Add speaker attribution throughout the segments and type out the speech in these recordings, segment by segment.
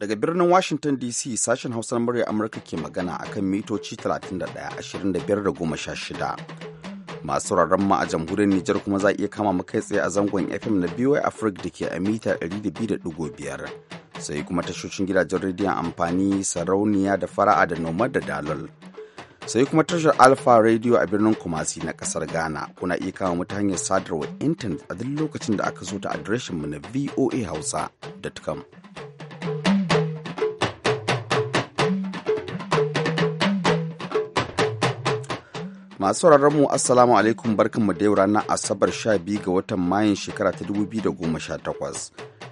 Speaker 1: Daga birnin Washington DC sashen na murya Amurka ke magana a kan mitoci 31 25 shida Masu rarren ma a jamhuriyar Nijar kuma za iya kama mu kai tsaye a zangon FM na BY Africa da ke a mita 200.5. Sai kuma tashoshin gidajen rediyon amfani sarauniya da fara'a da nomad da dalol. sai kuma tashar alpha radio a birnin kumasi na kasar ghana kuna iya kama mu ta hanyar sadarwa intanet a duk lokacin da aka so ta mu na voa hausa.com masu sauraron mu assalamu alaikum barkan mu yau ranar asabar 12 ga watan mayun shekara ta 2018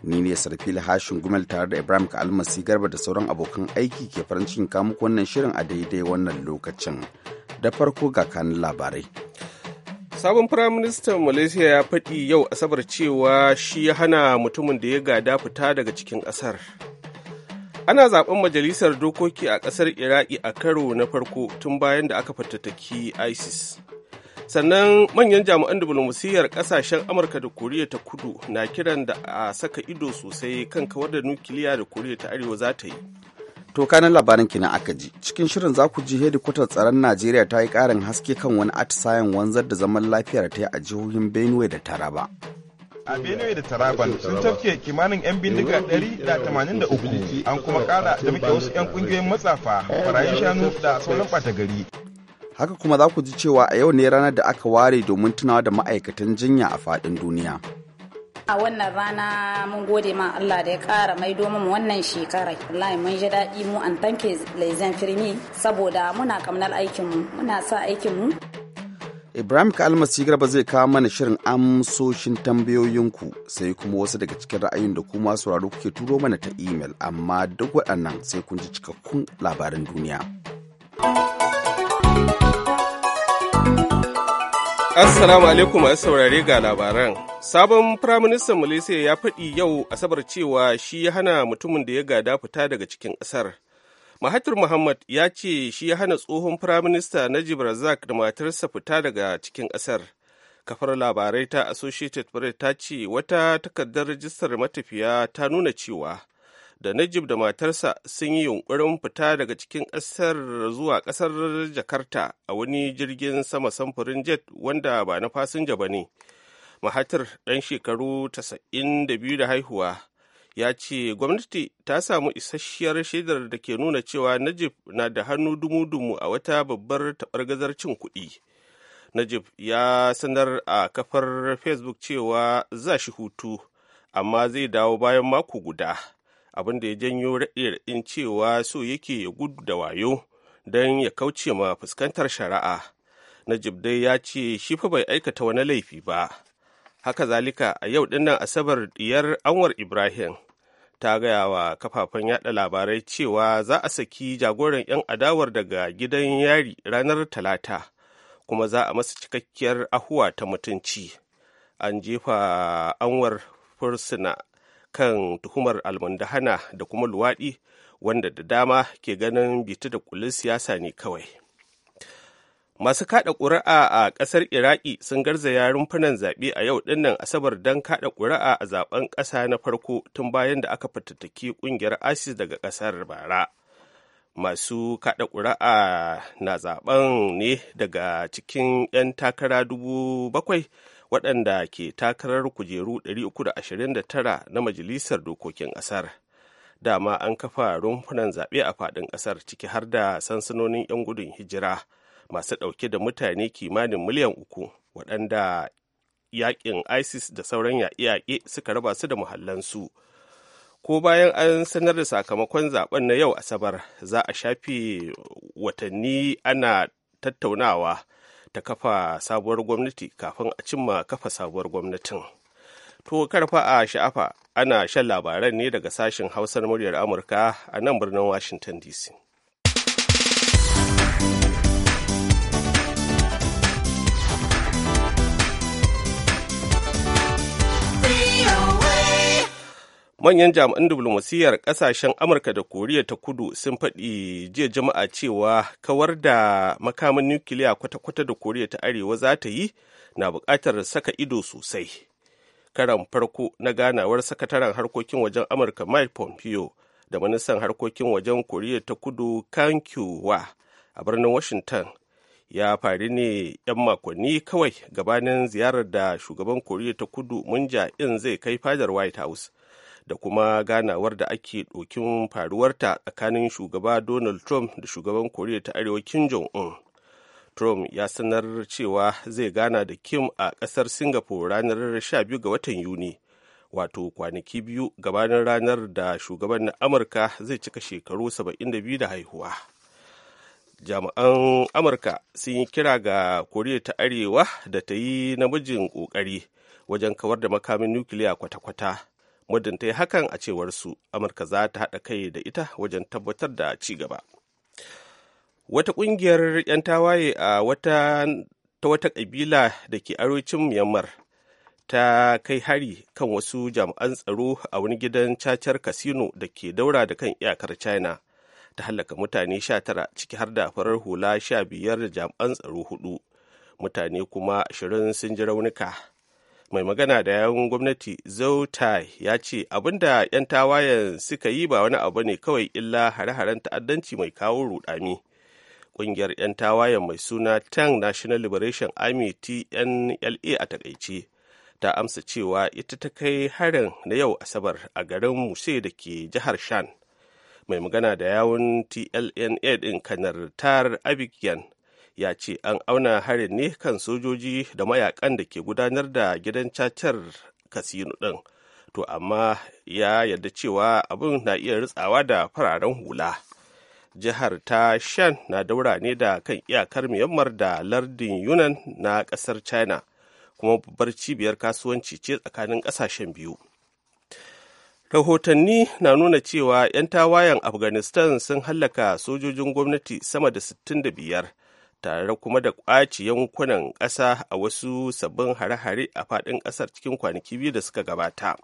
Speaker 1: ni ne sarfil hashin gumel tare da ibrahim kalmasi garba da sauran abokan aiki ke farin cikin kamuku wannan shirin a daidai wannan lokacin da farko ga kanin labarai
Speaker 2: sabon firaministan malaysia ya faɗi yau asabar cewa shi ya hana mutumin da ya gada fita daga cikin ƙasar ana zaben majalisar dokoki a ƙasar iraki a karo na farko tun bayan da aka fatattaki isis sannan manyan jami'an diflomasiyyar ƙasashen amurka da koriya ta kudu na kiran da a saka ido sosai kan kawar da nukiliya da koriya ta arewa za ta yi
Speaker 1: to kanan labarin kina aka ji cikin shirin za ku ji hedikwatar tsaron najeriya ta yi ƙarin haske kan wani atisayen wanzar da zaman lafiyar ta yi a jihohin benue da taraba
Speaker 3: a benue da taraban sun tafke kimanin 'yan bindiga 183 an kuma kara da muke wasu 'yan kungiyoyin matsafa barayin shanu da sauran bata gari haka
Speaker 1: kuma za ku ji cewa a yau ne ranar da aka ware domin tunawa da ma'aikatan jinya a faɗin duniya
Speaker 4: a wannan rana mun gode ma Allah da ya kara mai domin wannan shekarar wallahi mun ji daɗi mu an tanke laizen firmi saboda muna kamnar mu muna sa aikin mu
Speaker 1: Ibrahim Kalmasi Garba zai kawo mana shirin amsoshin tambayoyinku sai kuma wasu daga cikin ra'ayin da kuma sauraro kuke turo mana ta imel amma duk waɗannan sai kun ji cikakkun labarin duniya.
Speaker 2: Assalamu alaikum masu saurare ga labaran. Sabon Firaministan Malaysia ya faɗi yau Asabar cewa shi ya hana mutumin da ya gada fita daga cikin ƙasar. Mahathir Muhammad ya ce shi ya hana tsohon firaminista Najib Razak da matarsa fita daga cikin ƙasar. Kafar labarai ta Associated Press ta ce wata takardar rajistar matafiya ta nuna cewa da Najib da matarsa sun yi yunkurin fita daga cikin ƙasar zuwa ƙasar Jakarta a wani jirgin sama samfurin jet wanda ba na fasinja ba ne. Mahatir ɗan shekaru 92 da haihuwa ya ce gwamnati ta samu isasshiyar shaidar da ke nuna cewa najib na da hannu dumu-dumu a wata babbar taɓargazar cin kuɗi najib ya sanar a kafar facebook cewa za shi hutu amma zai dawo bayan mako guda abin da ya janyo raɗin cewa so yake ya gudu da wayo don ya kauce ma fuskantar shari'a najib dai ya ce shi fa bai aikata wani laifi ba haka zalika a yau dinnan asabar diyar anwar ibrahim ta gaya wa kafafen yada labarai cewa za a saki jagoran 'yan adawar daga gidan yari ranar talata kuma za a masa cikakkiyar ahuwa ta mutunci an jefa anwar fursuna kan tuhumar almundahana da kuma luwaɗi wanda da dama ke ganin bitu da kulin siyasa ne kawai Masu kada ƙuri'a a ƙasar Iraki sun garzaya rumfunan zaɓe a yau dinnan Asabar don kada ƙuri'a a zaben ƙasa na farko tun bayan da aka fitattaki ƙungiyar Asis daga ƙasar bara. Masu kada ƙuri'a na zaben ne daga cikin 'yan takara dubu bakwai waɗanda ke takarar kujeru 329 na Majalisar Dokokin ƙasar. Dama an kafa rumfunan zaɓe a faɗin ƙasar ciki har da sansanonin 'yan gudun hijira. masu ɗauke da mutane kimanin miliyan uku waɗanda yakin isis da sauran yaƙe-yaƙe suka raba su da muhallansu ko bayan an sanar da sakamakon zaben na yau asabar za a shafe watanni ana tattaunawa ta kafa sabuwar gwamnati kafin a cimma kafa sabuwar gwamnatin to karfa a sha'afa ana shan labaran ne daga sashen hausar muryar amurka a nan birnin washington dc manyan jami'an diplomasiyyar kasashen amurka da koriya ta kudu sun faɗi jiya jama'a cewa kawar da makamin nukiliya kwata-kwata da koriya ta arewa za ta yi na buƙatar saka ido sosai karan farko na ganawar sakataren harkokin wajen amurka mike pompeo da ministan harkokin wajen koriya ta kudu kan a birnin washington ya faru ne 'yan makonni kawai gabanin ziyarar da shugaban koriya ta kudu munja in zai kai fadar white house da kuma ganawar da ake ɗokin faruwarta tsakanin shugaba donald trump da shugaban koriya ta arewa kim jong-un trump ya sanar cewa zai gana da kim a ƙasar singapore ranar 12 ga watan yuni wato kwanaki biyu gabanin ranar da shugaban na amurka zai cika shekaru 72 da haihuwa jami'an amurka sun yi kira ga koriya ta arewa da ta yi namijin ƙoƙari wajen kawar da makamin nukiliya kwata-kwata muddin ta yi hakan a cewar su amurka za ta haɗa kai da ita wajen tabbatar da ci gaba wata ƙungiyar 'yan tawaye a wata ta wata ƙabila da ke arewacin myanmar ta kai hari kan wasu jami'an tsaro a wani gidan cacar kasino da ke daura da kan iyakar china ta hallaka mutane 19 ciki har da farar hula 15 da jami'an tsaro hudu mutane kuma 20 sun ji raunuka mai magana da yawun gwamnati zautai ya ce abinda 'yan tawayen suka yi ba wani abu ne kawai illa hare-haren ta'addanci mai kawo rudani, ƙungiyar 'yan tawayen mai suna tang national liberation army tnla a takaice ta amsa cewa ita ta kai harin na yau asabar a garin muse da ke jihar shan mai magana da yawun tlna din kanar tar abigyan ya ce an auna harin ne kan sojoji da mayakan da ke gudanar da gidan cacar kasino ɗin to amma ya yarda cewa abin na iya ritsawa da fararen hula jihar ta shan na daura ne da kan iyakar myanmar da lardin yunan na ƙasar china kuma babbar cibiyar kasuwanci ce tsakanin ƙasashen biyu rahotanni na nuna cewa 'yan tawayen afghanistan sun hallaka sojojin gwamnati sama da 65 tare kuma da ƙwace yankunan ƙasa a wasu sabbin hare-hare a faɗin ƙasar cikin kwanaki biyu da suka gabata.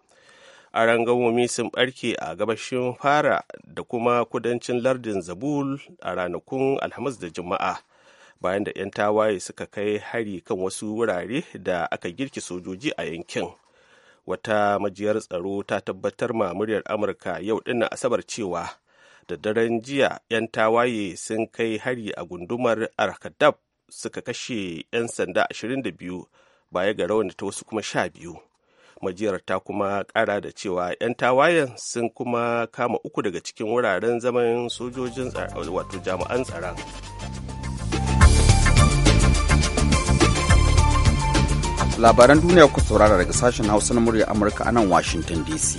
Speaker 2: a rangamomi sun ɓarke a gabashin fara da kuma kudancin lardin zabul a ranakun alhamis da juma'a bayan da 'yan tawaye suka kai hari kan wasu wurare da aka girki sojoji a yankin wata majiyar tsaro ta tabbatar ma muryar amurka yau dinnan asabar cewa da daren jiya 'yan tawaye sun kai hari a gundumar arkadab suka kashe 'yan sanda 22 baya ga rawan ta wasu kuma sha biyu majiyar ta kuma kara da cewa 'yan tawayen sun kuma kama uku daga cikin wuraren zaman sojojin wato jami'an tsaron
Speaker 1: labaran duniya ku saurara daga sashen hausa na murya amurka a nan washington dc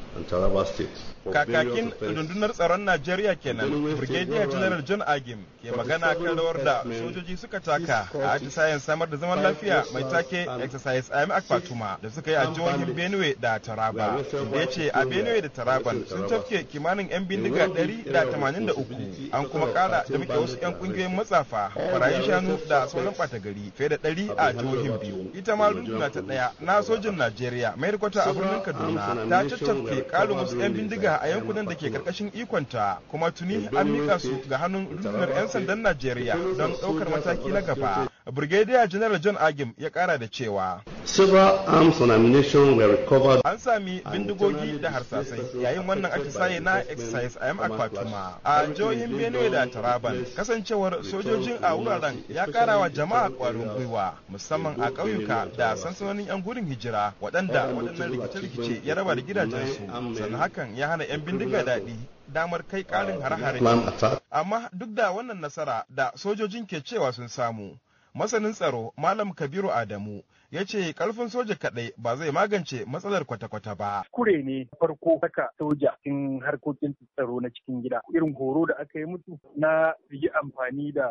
Speaker 5: and Tara states.
Speaker 3: kakakin rundunar tsaron najeriya kenan brigadier general john agim ke magana kan rawar da sojoji suka taka a atisayen samar da zaman lafiya mai take exercise im akpatuma da suka yi a jihohin benue da taraba da ya ce a benue da taraban sun tafke kimanin yan bindiga 183 an kuma kara da muke wasu yan kungiyoyin matsafa barayin shanu da sauran bata gari fiye da 100 a jihohin biyu ita ma runduna ta daya na sojin najeriya mai rikwata a birnin kaduna ta caccafke kalin wasu yan bindiga bindiga a yankunan da ke karkashin ikonta kuma tuni an mika su ga hannun rundunar 'yan sandan Najeriya don ɗaukar mataki na gaba. Brigadier General John Agim ya kara da cewa.
Speaker 2: arms An
Speaker 3: sami bindigogi da harsasai yayin wannan atisaye na exercise a yamma Kwatuma a jihohin Benue da Taraban. Kasancewar sojojin a wuraren ya kara wa jama'a kwarin gwiwa musamman a ƙauyuka da sansanonin 'yan gurin hijira waɗanda waɗannan rikice-rikice ya raba da gidajensu sannan hakan ya hana 'yan bindiga daɗi damar kai ƙarin hare-hare. Amma duk da wannan nasara da sojojin ke cewa sun samu. masanin tsaro malam kabiru adamu ya ce karfin soja kadai ba zai magance matsalar kwata-kwata ba. Kure ne farko saka soja in harkokin tsaro na cikin gida irin horo da aka yi mutu na yi amfani da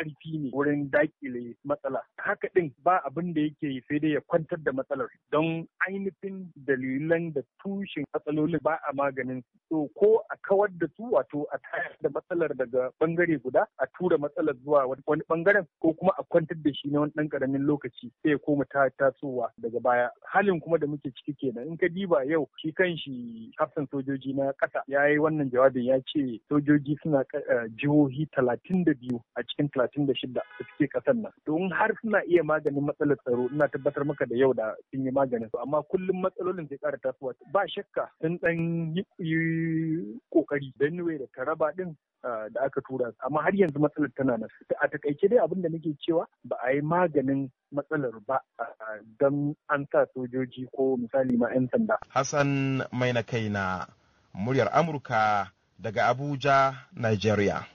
Speaker 6: ƙarfi ne wurin dakile matsala haka ɗin, ba abin da yake sai dai ya kwantar da matsalar don ainihin dalilan da tushen matsalolin ba a maganin so ko a kawar da su wato a tayar da matsalar daga bangare guda a tura matsalar zuwa wani bangaren ko kuma a kwantar da shi na wani ɗan karamin lokaci sai koma ta tasowa daga baya halin kuma da muke ciki kenan in ka diba yau shi kan shi hafsan sojoji na ƙasa ya yi wannan jawabin ya ce sojoji suna eh, jihohi talatin da biyu a cikin talatin talatin da shida da suke kasan nan don har suna iya maganin matsalar tsaro ina tabbatar maka da yau da sun yi maganin su amma kullum matsalolin sai ƙara tasowa ba shakka sun ɗan yi ƙoƙari Benue da Taraba din ah, da aka tura amma har yanzu matsalar tana nan a takaice dai abin da nake cewa ba a yi maganin matsalar ba ah, don
Speaker 3: an sa sojoji ko misali ma 'yan sanda. Hassan mai na kai na muryar Amurka daga Abuja, Nigeria.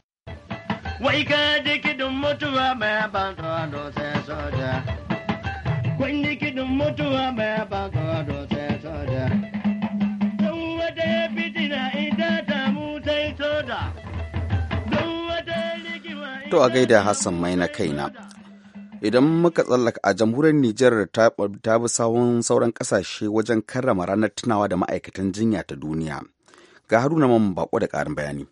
Speaker 3: wai ka ji
Speaker 6: kidin mutuwa mai ban tsoro sai soja kun ji kidin mutuwa mai ban tsoro sai soja
Speaker 3: don wata fitina ita ta mutai soja don wata to
Speaker 6: a
Speaker 1: gaida hassan mai na kaina idan muka tsallaka a jamhuriyar Nijar ta bi sawun sauran kasashe wajen karrama ranar tunawa da ma'aikatan jinya ta duniya. Ga Haruna man Bako da ƙarin bayani.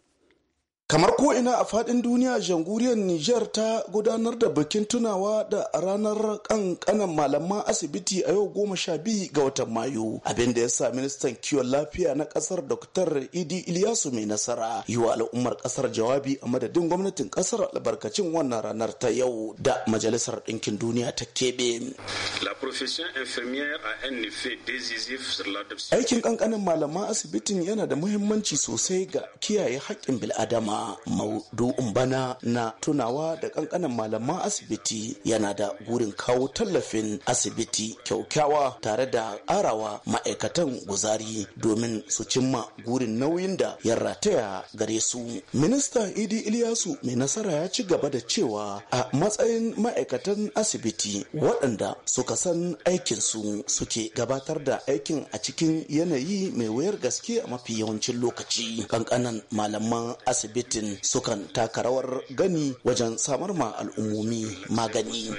Speaker 5: kamar ko ina a fadin duniya janguriyar niger ta gudanar da bikin tunawa da ranar kankanan malaman asibiti a yau goma sha biyu ga watan mayu abinda ya sa ministan kiwon lafiya na kasar dr idi iliyasu mai nasara yi wa al'ummar kasar jawabi a madadin gwamnatin kasar albarkacin wannan ranar ta yau da majalisar ɗinkin duniya ta keɓe aikin kankanin malaman asibitin yana da muhimmanci sosai ga kiyaye haƙƙin bil'adama mau'du'un bana na tunawa da kankanan malaman asibiti yana da gurin kawo tallafin asibiti kyaukyawa tare da arawa ma'aikatan guzari domin su cimma gurin nauyin da ya rataya gare su Minista idi iliyasu mai nasara ya ci gaba da cewa a matsayin ma'aikatan asibiti waɗanda suka san aikinsu suke gabatar da aikin a cikin yanayi mai wayar gaske a mafi yawancin lokaci kankanan malaman asibiti asibitin sukan taka rawar gani wajen samar ma al'ummomi magani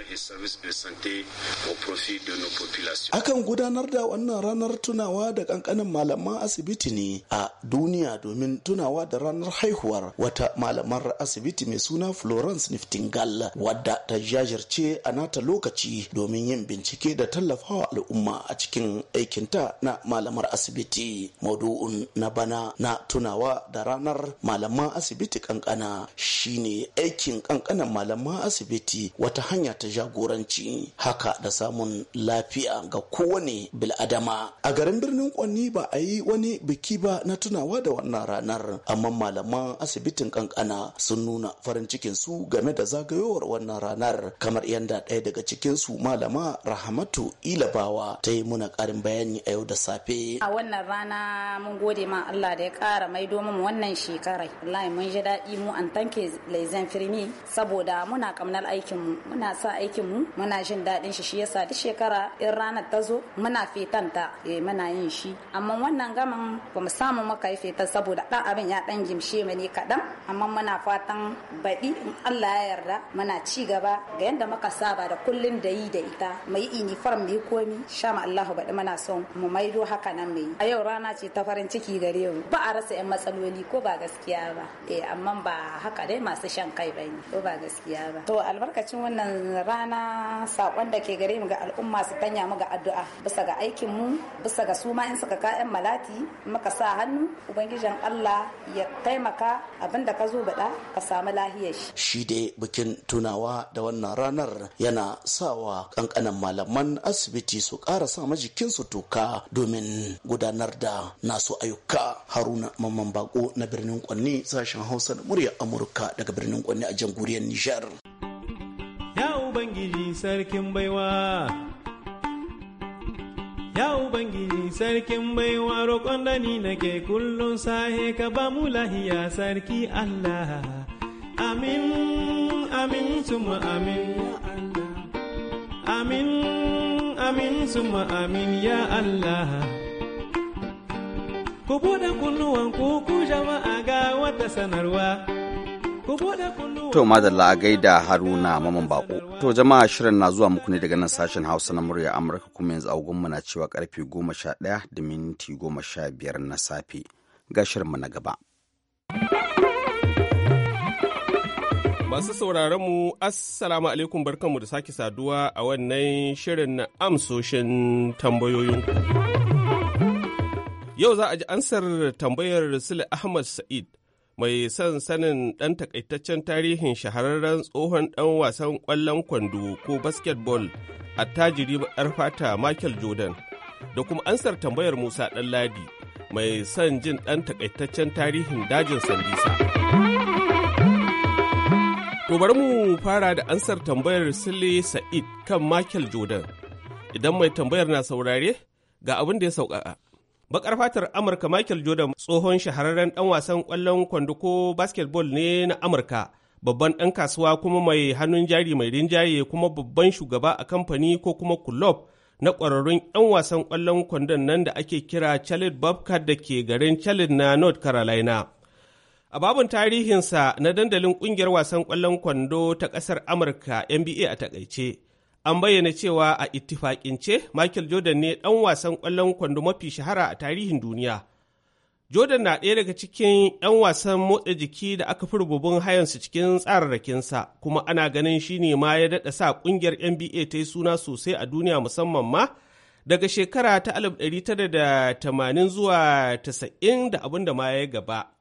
Speaker 5: akan gudanar da wannan ranar tunawa da kankanin malaman asibiti ne a duniya domin tunawa da ranar haihuwar wata malamar asibiti mai suna florence niftingal wadda ta jajirce a nata lokaci domin yin bincike da tallafawa al'umma a cikin aikinta na malamar asibiti maudu'un na bana na tunawa da ranar malaman asibiti asibiti kankana shine aikin kankanan malaman asibiti wata hanya ta jagoranci haka da samun lafiya ga kowane bil'adama a garin birnin kwanni ba a yi wani biki ba na tunawa da wannan ranar amma malaman asibitin kankana sun nuna farin cikin su game da zagayowar wannan ranar kamar yadda ɗaya daga cikin su malama rahamatu ilabawa ta yi muna karin bayani a yau da safe a
Speaker 4: wannan rana mun gode ma Allah da ya ƙara maido mu wannan shekarai wallahi mun ji daɗi mu an tanke laizan firmi saboda muna kamnar aikin mu muna sa aikin mu muna jin daɗin shi shi yasa duk shekara in ranar ta zo muna fetanta eh muna yin shi amma wannan gaman ba mu samu maka yi fetan saboda ɗan abin ya ɗan gimshe mu ne kaɗan amma muna fatan baɗi in Allah ya yarda muna ci gaba ga yadda muka saba da kullun da yi da ita mu yi uniform mu komi sha ma Allahu baɗi muna son mu maido haka nan mu a yau rana ce ta farin ciki gare mu ba a rasa 'yan matsaloli ko ba gaskiya ba suke amma ba haka dai masu shan kai ba ne ba gaskiya ba to albarkacin wannan rana sakon da ke gare mu ga al'umma su tanya mu ga addu'a bisa ga aikin mu bisa ga su ma in suka ka yan malati muka sa hannu ubangijin Allah ya taimaka abinda ka zo bada ka samu lahiyar shi
Speaker 5: shi dai bikin tunawa da wannan ranar yana sawa kankanan malaman asibiti su ƙara sa majikinsu toka domin gudanar da nasu ayyuka haruna mamman bako na birnin kwanni sashen Hausa da murya Amurka daga birnin Kwanne a jamhuriyar Nijar.
Speaker 2: Ya Ubangiji sarkin baiwa Ya Ubangiji sarkin baiwa roƙon da ni nake kullum sahe ka ba mu lahiya sarki Allah. Amin, amin, suma amin, ya Allah. Amin, amin, suma amin, ya Allah. Ku buɗe kunnuwan ku jama'a ga wata sanarwa. To
Speaker 1: madalla a gaida Haruna Maman Bako. To jama'a shirin na zuwa muku ne daga nan sashen Hausa na murya Amurka kuma yanzu mu na cewa karfe goma sha ɗaya da minti goma sha biyar na safe. Ga shirinmu na gaba.
Speaker 2: Masu sauraron mu Assalamu alaikum barkanmu da sake saduwa a wannan shirin amsoshin tambayoyinku. Yau za a ji ansar tambayar Sule Ahmad Sa'id mai son sanin ɗan takaitaccen tarihin shahararren tsohon ɗan wasan ƙwallon kwando ko basketball attajiri baƙar fata Michael Jordan da kuma ansar tambayar Musa Ɗanladi mai son jin ɗan takaitaccen tarihin dajin Sandisa. To bari mu fara da ansar tambayar Sule Sa'id kan Michael Jordan. Idan mai tambayar na saurare ga abin da ya sauƙaƙa. Bakar fatar Amurka Michael Jordan tsohon shahararren ɗan wasan ƙwallon kwando ko basketball ne na Amurka, babban ɗan kasuwa kuma mai hannun jari mai rinjaye kuma babban shugaba a kamfani ko kuma kulob na ƙwararrun 'yan wasan ƙwallon kwandon nan da ake kira Charlotte Bobcat da ke garin Charlotte na North Carolina. A babun tarihinsa na dandalin ƙungiyar wasan ƙwallon kwando ta ƙasar Amurka NBA a takaice. An bayyana cewa a ittifaƙince Michael Jordan ne ɗan wasan ƙwallon kwando mafi shahara a tarihin duniya. Jordan na ɗaya daga cikin 'yan wasan motsa jiki da aka fi rububin hayansu cikin tsararrakinsa, kuma ana ganin shi ne ma ya daɗa sa ƙungiyar NBA ta yi suna sosai a duniya musamman ma daga shekara ta 1980 zuwa 90 da abin da ma ya gaba.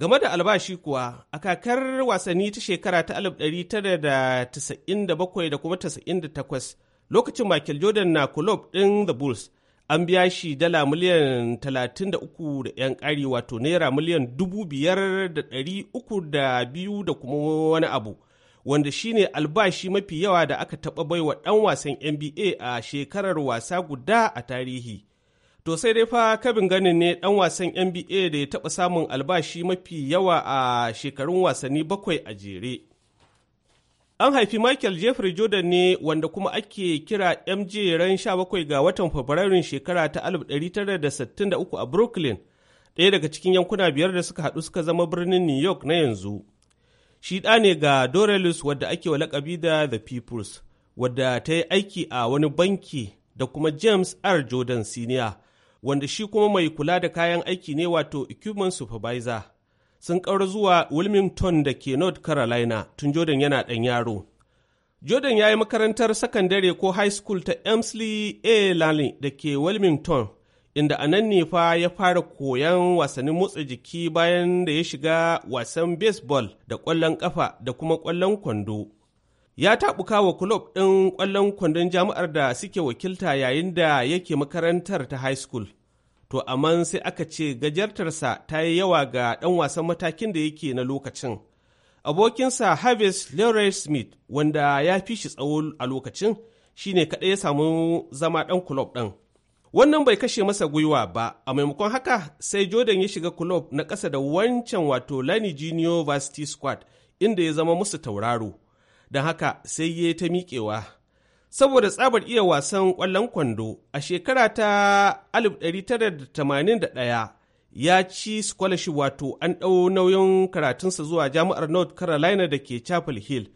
Speaker 2: Game da albashi kuwa, a kakar wasanni ta shekara ta 1997 da kuma 98 lokacin Michael Jordan na kulob ɗin The Bulls, an biya shi dala miliyan 33 da 'yan ƙari wato naira miliyan 5,302 da kuma wani abu. wanda shine albashi mafi yawa da aka taɓa baiwa ɗan wasan NBA a shekarar wasa guda a tarihi. To sai dai fa kabin ganin ne ɗan wasan NBA da ya taɓa samun albashi mafi yawa a shekarun wasanni bakwai a jere. An haifi Michael Jeffrey Jordan ne wanda kuma ake kira MJ ran 17 ga watan Fabrairun shekara ta 1963 a Brooklyn, ɗaya daga cikin yankuna biyar da suka haɗu suka zama birnin New York na yanzu. Shi ɗa ne ga Dorelus wadda ake lakabi da The Peoples, wadda ta yi aiki a wani banki da kuma James R. Jordan Senior. wanda shi kuma mai kula da kayan aiki ne wato equipment supervisor sun ƙaura zuwa wilmington da ke north carolina tun jordan yana ɗan yaro jordan ya yi makarantar sakandare ko high school ta emsley a lally da ke wilmington inda a nan ne fa ya fara koyan wasannin motsa jiki bayan da ya shiga wasan baseball da ƙwallon ƙafa da kuma ƙwallon kwando ya taɓuka wa kulob ɗin ƙwallon kwandon jami'ar da suke wakilta yayin da yake makarantar ta high school to amma sai aka ce gajartarsa ta yi yawa ga ɗan wasan matakin da yake na lokacin abokinsa harvest leroy smith wanda ya fi shi tsawo a lokacin shine kaɗai ya samu zama ɗan kulob ɗin wannan bai kashe masa gwiwa ba a maimakon haka sai jordan ya shiga kulob na ƙasa da wancan wato lani junior varsity squad inda ya zama musu tauraro don haka sai ya ta miƙewa. Saboda tsabar iya wasan ƙwallon kwando a shekara ta 1981 ya ci scholarship wato an ɗau nauyin karatunsa zuwa jami'ar North Carolina da ke Chapel Hill.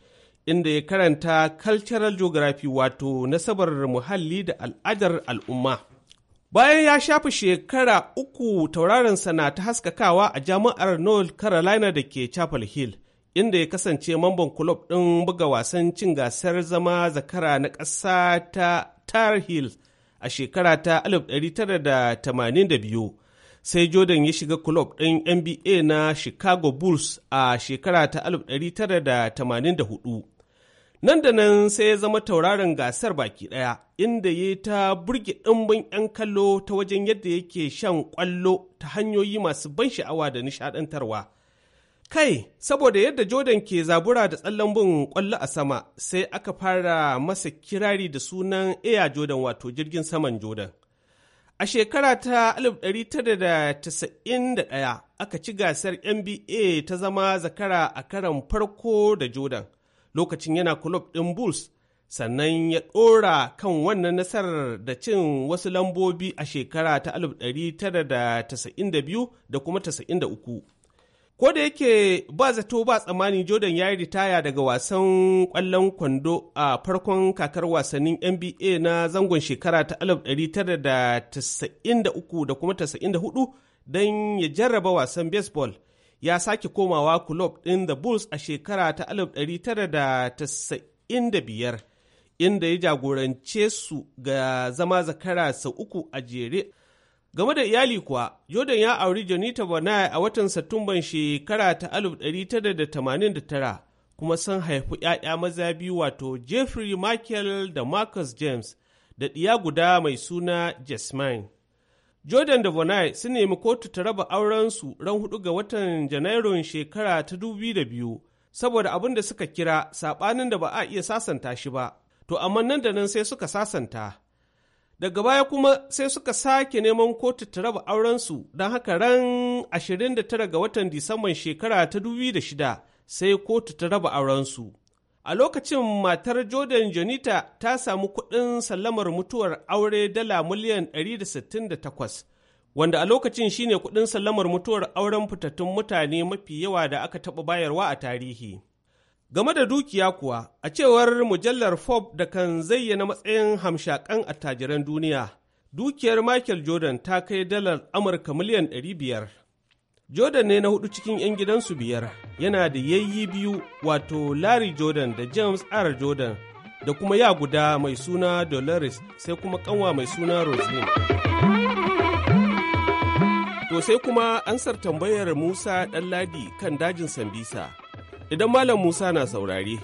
Speaker 2: inda ya karanta cultural geography wato nasabar muhalli da al'adar al'umma. Bayan ya shafi shekara uku tauraron na ta haskakawa a jami'ar North Carolina da ke Chapel Hill, inda ya kasance mamban kulob ɗin buga wasan cin gasar zama zakara na ƙasa ta Tar Heels a shekara ta 1982. Sai Jordan ya shiga kulob ɗin NBA na Chicago Bulls a shekara ta 1984. Nan da nan sai ya zama tauraron gasar baki ɗaya, inda ya yi ta burge ɗimbin 'yan kallo ta wajen yadda yake shan ƙwallo ta hanyoyi masu ban sha'awa da nishaɗantarwa. Kai, saboda yadda Jordan ke zabura da tsallan bin kwallo a sama, sai aka fara masa kirari da sunan Air Jordan wato jirgin saman Jordan. A shekara ta 1991 aka ci gasar NBA ta zama zakara a karan farko da Jordan, lokacin yana kulob ɗin Bulls, sannan ya ɗora kan wannan nasarar da cin wasu lambobi a shekara ta 1992 da kuma 93. Ko da yake ba zato ba tsammani Jordan ya yi ritaya daga wasan kwallon kwando a farkon kakar wasannin NBA na zangon shekara ta 1993 da kuma 94 don ya jarraba wasan baseball. Ya sake komawa kulob ɗin The Bulls a shekara ta 1995 inda ya jagorance su ga zama zakara sau uku a jere Game da iyali kuwa, Jordan ya auri janita Bonai a watan Satumban shekara ta 1989 kuma sun haifi ‘ya'ya maza biyu wato Jeffrey Michael da Marcus James da ɗiya guda mai suna Jasmine. Jordan da Bonai sun nemi kotu ta raba aurensu ran hudu ga watan Janairun shekara ta 2002 saboda abin da suka kira saɓanin da ba a iya sasanta shi ba, to amma nan da nan sai suka sasanta. Daga baya kuma sai suka sake neman kotu ta raba aurensu don haka ran 29 ga watan Disamban shekara ta 2006 sai kotu ta raba aurensu. A lokacin matar Jordan Janita ta samu kuɗin sallamar mutuwar aure dala miliyan 168, wanda a lokacin shine kuɗin sallamar mutuwar auren fitattun mutane mafi yawa da aka taɓa bayarwa a tarihi. Game da dukiya kuwa, a cewar mujallar Forbes da kan zayyana matsayin hamshakan attajiran duniya, dukiyar Michael Jordan ta kai dalar Amurka miliyan ɗari biyar. Jordan ne na hudu cikin 'yan gidansu biyar, yana da yayyi biyu wato Larry Jordan da James R. Jordan da kuma ya guda mai suna Dolores sai kuma kanwa mai suna Roseline. To sai kuma ansar tambayar Musa Ɗanladi kan dajin Sambisa. Idan Malam Musa na saurari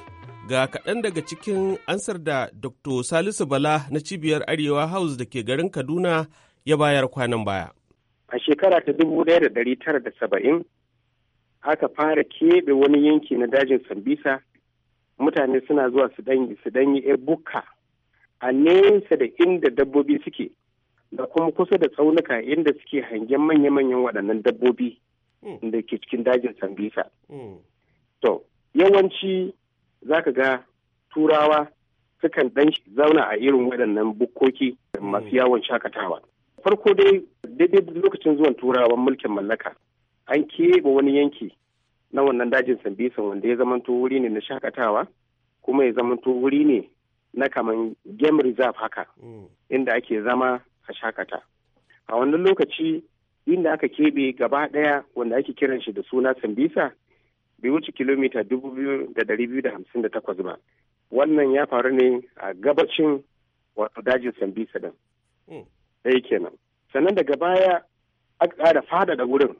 Speaker 2: ga kaɗan daga cikin ansar da Dr. Salisu Bala na cibiyar Arewa House da ke garin Kaduna ya bayar kwanan baya.
Speaker 6: A shekara ta dubu ɗaya da ɗari tara da saba'in aka fara keɓe wani yanki na dajin Sambisa mutane suna zuwa su danyi su danyi e buka a nesa da inda dabbobi suke da kuma kusa da tsaunuka inda suke hangen manya-manyan waɗannan dabbobi hmm. da ke cikin dajin Sambisa. Hmm. to yawanci ka ga turawa sukan ɗan zauna a irin waɗannan bukkoki masu hmm. yawon shakatawa farko dai daidai lokacin zuwan turawan mulkin mallaka an keɓe wani yanki na wannan dajin sambisa wanda ya zamanto wuri ne na shakatawa kuma ya zamanto wuri ne na kaman game reserve haka hmm. inda ake zama a shakata a wannan lokaci inda aka keɓe gaba ɗaya wanda ake kiran shi da suna sambisa bai wuce kilomita dubu biyu da dari biyu da hamsin da takwas ba wannan ya faru ne a gabacin wato dajin sambisa din hmm. ɗaya kenan sannan daga baya aka ƙara da wurin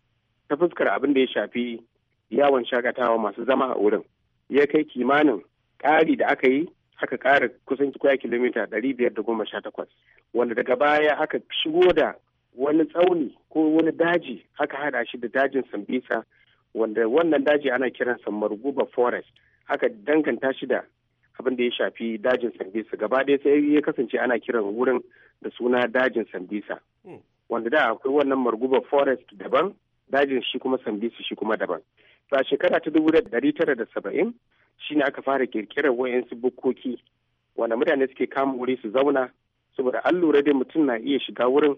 Speaker 6: ta fuskar abin da ya shafi yawon shakatawa masu zama a wurin ya kai kimanin ƙari da aka yi aka ƙara kusan kwaya kilomita ɗari biyar da goma sha takwas wanda daga baya aka shigo da wani tsauni ko wani daji aka haɗa shi da dajin sambisa wanda wannan daji ana kiransa marguba forest aka danganta shi da abin da ya shafi dajin sambisa gaba ɗaya sai ya kasance ana kiran wurin da suna dajin sambisa hmm. wanda da akwai wannan marguba forest daban dajin shi kuma sambisa shi kuma daban a shekara ta dubu dari tara da saba'in shine aka fara kirkirar wayansu bukkoki wanda mutane suke kama wuri su zauna saboda an lura dai mutum na iya shiga wurin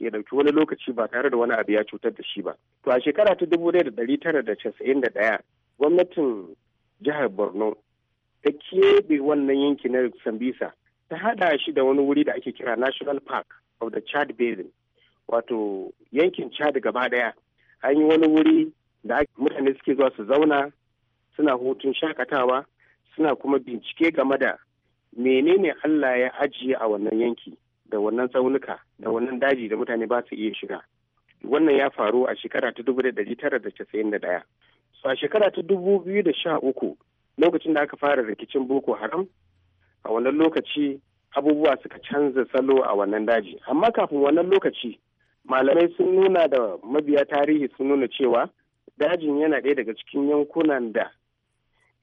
Speaker 6: ya ɗauki wani lokaci ba tare da wani abu ya cutar da shi ba to a shekara ta dubu da ɗari tara da casa'in da ɗaya gwamnatin jihar borno ta keɓe wannan yanki na sambisa ta haɗa shi da wani wuri da ake kira national park of the chad basin wato yankin chad gaba ɗaya an yi wani wuri da mutane suke zuwa su zauna suna hutun shakatawa suna kuma bincike game da menene allah ya ajiye a wannan yanki da wannan tsaunuka da wannan daji da mutane ba su iya shiga wannan ya faru a shekara ta dubu da tara da casa'in da ɗaya so a shekara ta dubu biyu da sha uku lokacin da aka fara rikicin boko haram a wannan lokaci abubuwa suka canza salo a wannan daji amma kafin wannan lokaci malamai sun nuna da mabiya tarihi sun nuna cewa dajin yana ɗaya daga cikin yankunan da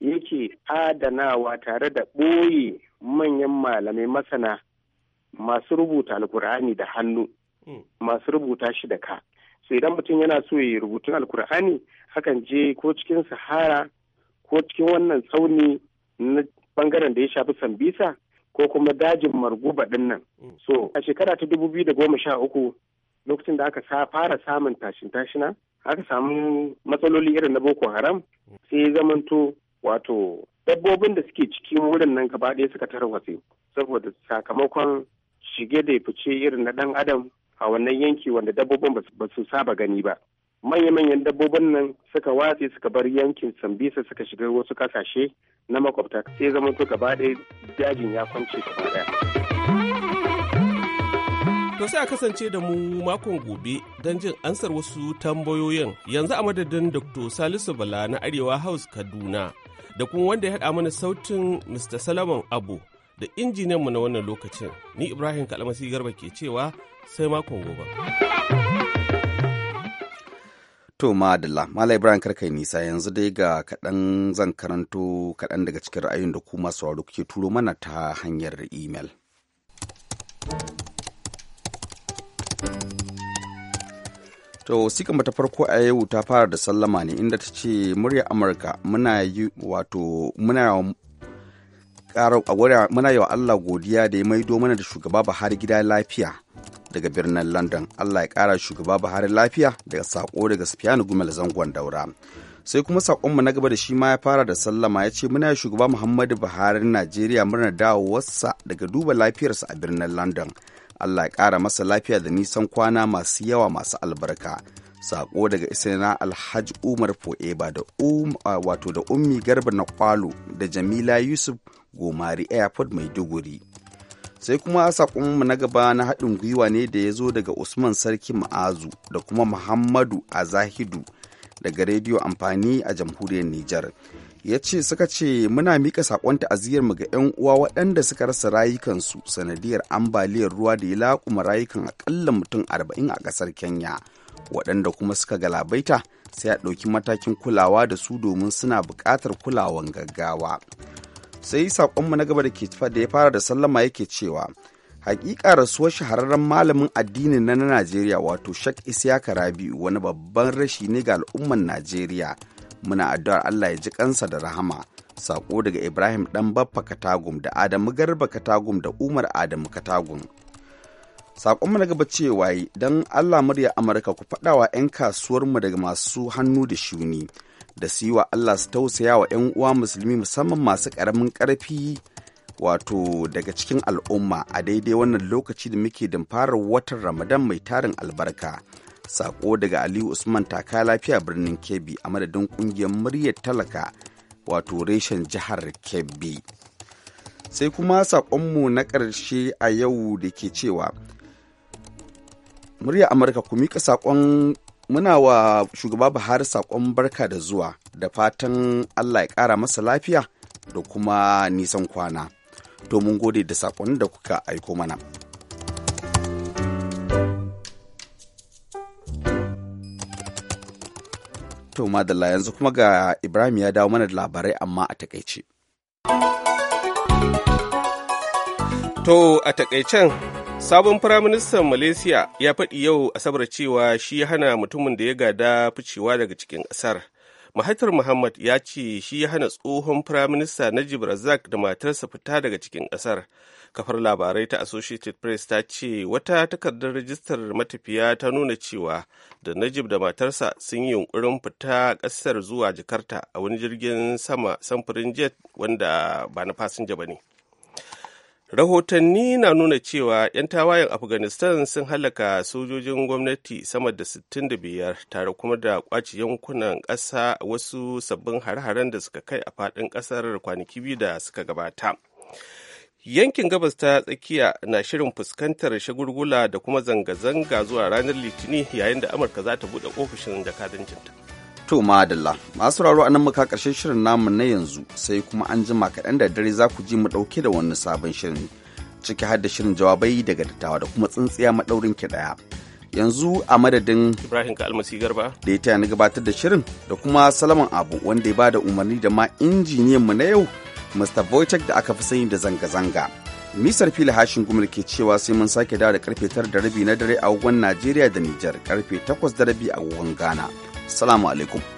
Speaker 6: yake adanawa tare da ɓoye manyan malamai masana masu rubuta alkur'ani da hannu hmm. masu rubuta shi da ka so idan mutum yana so ya rubutun alkur'ani hakan je ko cikin sahara ko cikin wannan tsauni na bangaren da ya shafi sambisa ko kuma dajin marguba din nan mm. so a shekara ta dubu biyu da goma sha uku lokacin da aka fara samun tashin tashina aka samu matsaloli irin na boko haram sai zamanto wato dabbobin da suke cikin wurin nan gaba ɗaya suka tarwatse saboda sakamakon shige da fice irin na ɗan adam a wannan yanki wanda dabbobin ba su saba gani ba manya-manyan dabbobin nan suka watse suka bar yankin sambisa suka shiga wasu kasashe na makwabta sai zama to gaba ɗaya dajin ya kwance gaba ɗaya.
Speaker 2: To sai a kasance da mu makon gobe don jin ansar wasu tambayoyin yanzu a madadin Dr. Salisu Bala na Arewa House Kaduna da kuma wanda ya haɗa mana sautin Mr. Salaman Abu da injiniyanmu na wannan lokacin ni ibrahim kalmasi garba ke cewa sai makon gobe to
Speaker 1: madalla malai ibrahim karkai nisa yanzu dai ga kaɗan zan karanto kaɗan daga cikin ra'ayin da kuma sauraro kuke turo mana ta hanyar imel To wasiƙan ta farko a yau ta fara da sallama ne inda ta ce murya Amurka muna yi wato muna ƙara muna yawa Allah godiya da ya maido mana da shugaba Buhari gida lafiya daga birnin London. Allah ya ƙara shugaba Buhari lafiya daga saƙo daga Sufiyanu Gumel zangon daura. Sai kuma mu na gaba da shi ma ya fara da sallama ya ce muna shugaba Muhammadu Buhari Najeriya murnar dawowarsa daga duba lafiyarsa a birnin London. Allah ya ƙara masa lafiya da nisan kwana masu yawa masu albarka. sako daga isina alhaji umar fo'eba da um, wato da ummi garba na kwalo da jamila yusuf gomari airport duguri sai kuma sakonmu na gaba na haɗin gwiwa ne da ya zo daga usman sarki ma'azu da kuma muhammadu a zahidu daga rediyo amfani a jamhuriyar nijar ya ce suka ce muna mika saƙon mu ga 'yan uwa waɗanda suka rasa rayukansu sanadiyar ambaliyar ruwa da ya laƙuma rayukan aƙalla mutum arba'in a ƙasar kenya waɗanda kuma suka galabaita sai a ɗauki matakin kulawa da su domin suna buƙatar kulawan gaggawa sai saƙonmu na gaba da ke da ya fara da sallama yake cewa hakika rasuwar shahararren malamin addinin na Najeriya wato Shak Isiyaka Rabi'u wani babban rashi ne ga al'ummar Najeriya. Muna addu'ar Allah ya ji kansa da rahama. Sako daga Ibrahim dan Baffa Katagum da Adamu Garba Katagum da Umar Adamu Katagum. saƙonmu na gaba cewa don Allah murya Amurka ku faɗawa 'yan kasuwar kasuwarmu daga masu hannu da shuni. da su yi wa Allah su tausaya wa 'yan uwa musulmi musamman masu ƙaramin ƙarfi wato daga cikin al'umma a daidai wannan lokaci da muke da fara watan Ramadan mai tarin albarka. Sako daga Aliyu Usman taka lafiya birnin Kebbi a madadin ƙungiyar muryar talaka wato reshen jihar Kebbi. Sai kuma saƙonmu na ƙarshe a yau da ke cewa murya amurka ku mika saƙon muna wa shugaba Buhari saƙon barka da zuwa da fatan Allah ya ƙara masa lafiya da kuma nisan kwana. To mun gode da saƙon da kuka aiko mana. To madalla yanzu kuma ga Ibrahim ya dawo mana da labarai amma a takaice.
Speaker 2: To a takaicen Sabon Firaministan Malaysia ya faɗi yau Asabar cewa shi ya hana mutumin da ya gada ficewa daga cikin ƙasar. Mahatar Muhammad ya ce shi ya hana tsohon Firaminista Najib Razak da matarsa fita daga cikin ƙasar. Kafar labarai ta Associated Press ta ce wata takardar rajistar matafiya ta nuna cewa da Najib da matarsa sun yi yunƙurin fita ƙasar zuwa Jakarta a wani jirgin sama samfurin jet wanda ba na fasinja ba ne. rahotanni na nuna cewa 'yan tawayen afghanistan sun halaka sojojin gwamnati sama da 65 tare kuma da kwaci yankunan ƙasa wasu sabbin har-haren da suka kai a faɗin ƙasar kwanaki biyu da suka gabata yankin gabas ta tsakiya na shirin fuskantar shagulgula da kuma zanga-zanga zuwa ranar litinin yayin da amurka za ta buɗe ofishin jakadancinta.
Speaker 1: To madalla, masu raro anan muka karshen shirin namu na yanzu sai kuma an jima kaɗan da dare za ku ji mu ɗauke da wani sabon shirin ciki har shirin jawabai daga dattawa da kuma tsintsiya maɗaurin ki ɗaya. Yanzu a madadin
Speaker 2: Ibrahim ka almasi garba
Speaker 1: da ya taya ni gabatar da shirin da kuma Salaman Abu wanda ya bada umarni da ma injiniyan mu na yau Mr. Voitek da aka fi sani da zanga-zanga. Misar fili hashin gumul ke cewa sai mun sake dawo da karfe tara da rabi na dare a Najeriya da Nijar karfe takwas da rabi a Ghana. Salamu alaikum.